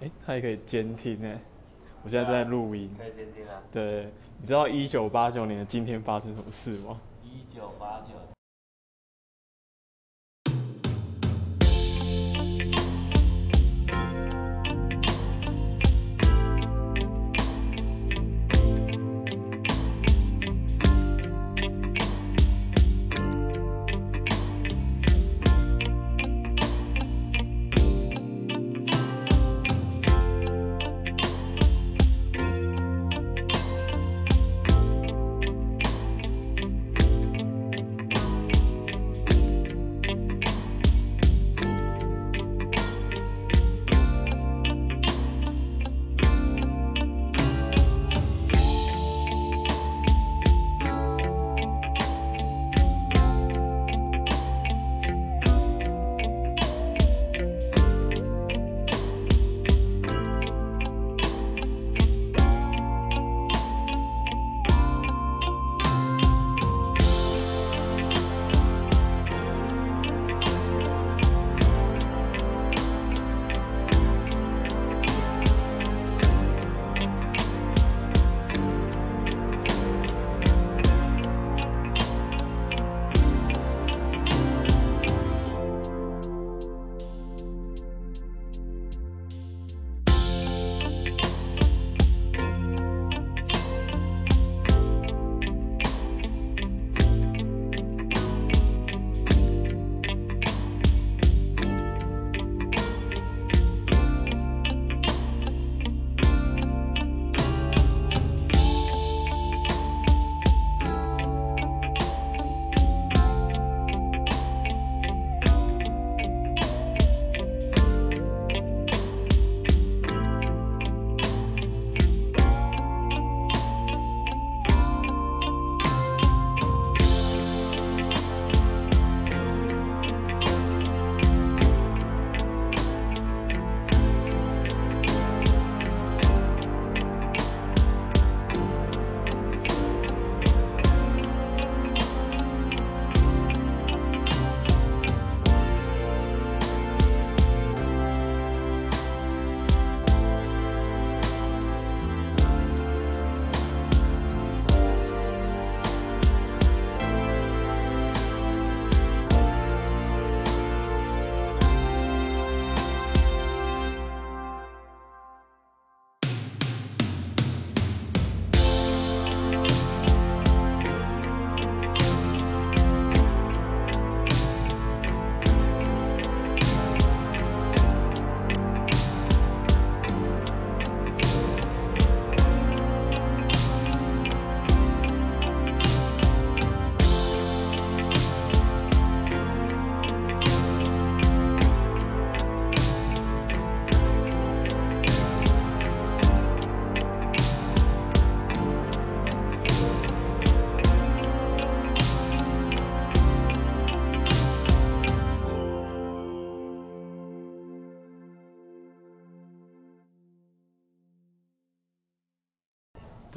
哎、欸，他也可以監聽哎、欸，我現在在錄音、啊。可以監聽啊。對，你知道一九八九年的今天發生什麼事嗎？一九八九。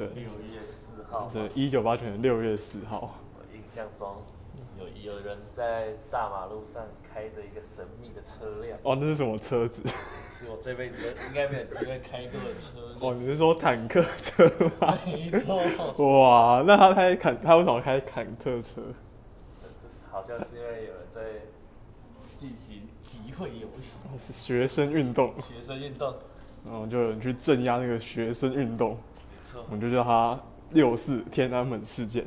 對六、月啊對嗯、六月四號，對、哦，一九八九年六月四號。我印象中有有人在大馬路上開着一個神秘的車輛。哦，那是什麼車子？是我這輩子 應該沒有機會開過的車、車。哦，你是說坦克車嗎？沒錯。哇，那他開坦，他為什麼開坦克車？這是好像是因為有人在進行集會遊行。哦，是學生運動。學生運動。嗯，就有人去鎮壓那個學生運動。我們就叫它“六四天安門事件”。